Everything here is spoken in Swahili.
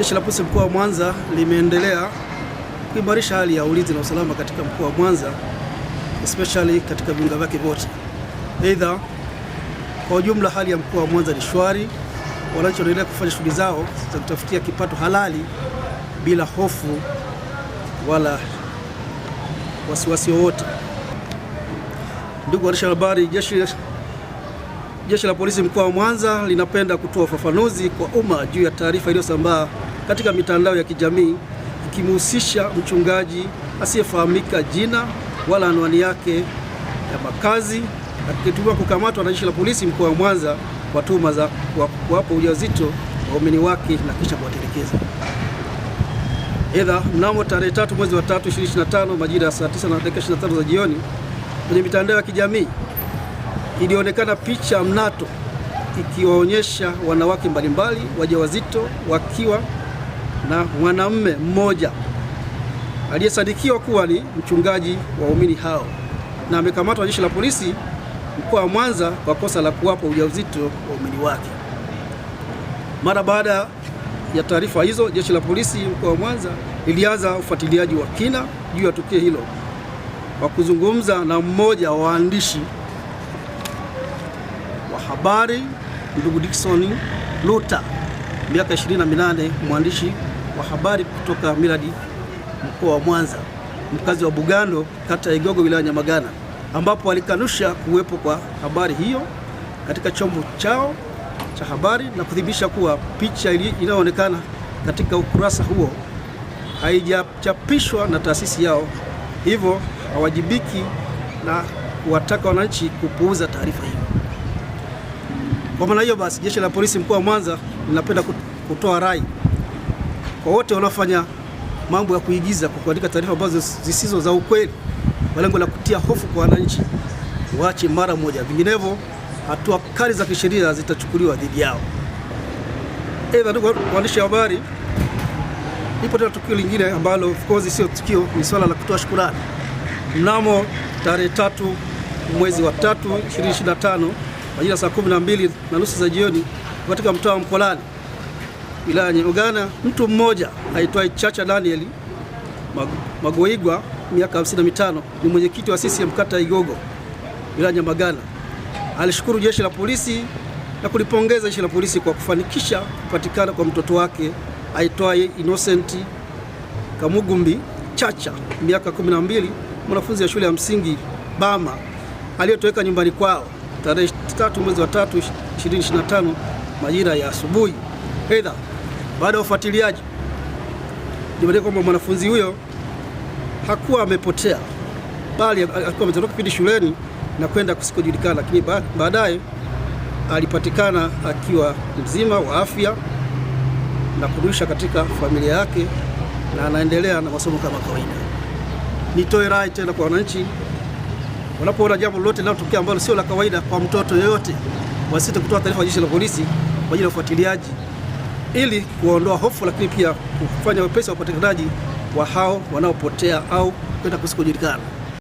Jeshi la Polisi mkoa wa Mwanza limeendelea kuimarisha hali ya ulinzi na usalama katika mkoa wa Mwanza especially katika viunga vyake vyote. Aidha, kwa ujumla hali ya mkoa wa Mwanza ni shwari, wananchi wanaendelea kufanya shughuli zao za kutafutia kipato halali bila hofu wala wasiwasi wowote. Ndugu waandishi wa habari, jeshi Jeshi la Polisi mkoa wa Mwanza linapenda kutoa ufafanuzi kwa umma juu ya taarifa iliyosambaa katika mitandao ya kijamii ikimhusisha mchungaji asiyefahamika jina wala anwani yake ya makazi akitumiwa kukamatwa na jeshi la polisi mkoa wa Mwanza kwa tuhuma za kuwapa ujauzito waumini wake na kisha kuwatelekeza. Aidha, mnamo tarehe tatu mwezi wa tatu 2025 majira ya saa 9 na dakika 25 za jioni kwenye mitandao ya kijamii ilionekana picha mnato ikiwaonyesha wanawake mbalimbali wajawazito wakiwa na mwanamume mmoja aliyesadikiwa kuwa ni mchungaji wa waumini hao na amekamatwa jeshi la polisi mkoa wa Mwanza kwa kosa la kuwapa ujauzito waumini wake. Mara baada ya taarifa hizo, jeshi la polisi mkoa wa Mwanza lilianza ufuatiliaji wa kina juu ya tukio hilo kwa kuzungumza na mmoja wa waandishi wa habari ndugu Dickson Luta, miaka 28, mwandishi wa habari kutoka miradi mkoa wa Mwanza, mkazi wa Bugando, kata ya Igogo, wilaya Nyamagana, ambapo walikanusha kuwepo kwa habari hiyo katika chombo chao cha habari na kuthibitisha kuwa picha inayoonekana katika ukurasa huo haijachapishwa na taasisi yao, hivyo hawajibiki na kuwataka wananchi kupuuza taarifa hiyo. Kwa maana hiyo basi, jeshi la polisi mkoa wa Mwanza linapenda kutoa rai kwa wote wanaofanya mambo ya kuigiza kwa kuandika taarifa ambazo zisizo za ukweli kwa lengo la kutia hofu kwa wananchi, waache mara moja, vinginevyo hatua kali za kisheria zitachukuliwa dhidi yao. Aidha, ndugu waandishi wa habari, ipo tena tukio lingine ambalo of course sio tukio, ni swala la kutoa shukurani. Mnamo tarehe tatu mwezi wa tatu 2025 majira saa 12 na nusu za jioni katika mtaa wa Mkolani wilaya Nyamagana, mtu mmoja aitwaye Chacha Daniel Magoigwa miaka 55 ni mwenyekiti wa CCM kata ya Igogo wilaya Nyamagana alishukuru jeshi la polisi na kulipongeza jeshi la polisi kwa kufanikisha kupatikana kwa mtoto wake aitwaye Innocent Kamugumbi Chacha miaka 12 mwanafunzi wa shule ya msingi Bama aliyotoweka nyumbani kwao tarehe 3 mwezi wa 3 2025 majira ya asubuhi. Aidha, baada ya ufuatiliaji nimeona kwamba mwanafunzi huyo hakuwa amepotea, bali alikuwa ametoka kipindi shuleni na kwenda kusikojulikana, lakini baadaye alipatikana akiwa mzima wa afya na kurudisha katika familia yake na anaendelea na masomo kama kawaida. Nitoe rai tena kwa wananchi, wanapoona jambo lolote linalotokea ambalo sio la kawaida kwa mtoto yoyote, wasite kutoa taarifa jeshi la polisi kwa ajili ya ufuatiliaji ili kuondoa hofu, lakini pia kufanya wepesi wa upatikanaji wa hao wanaopotea au kwenda kusikojulikana.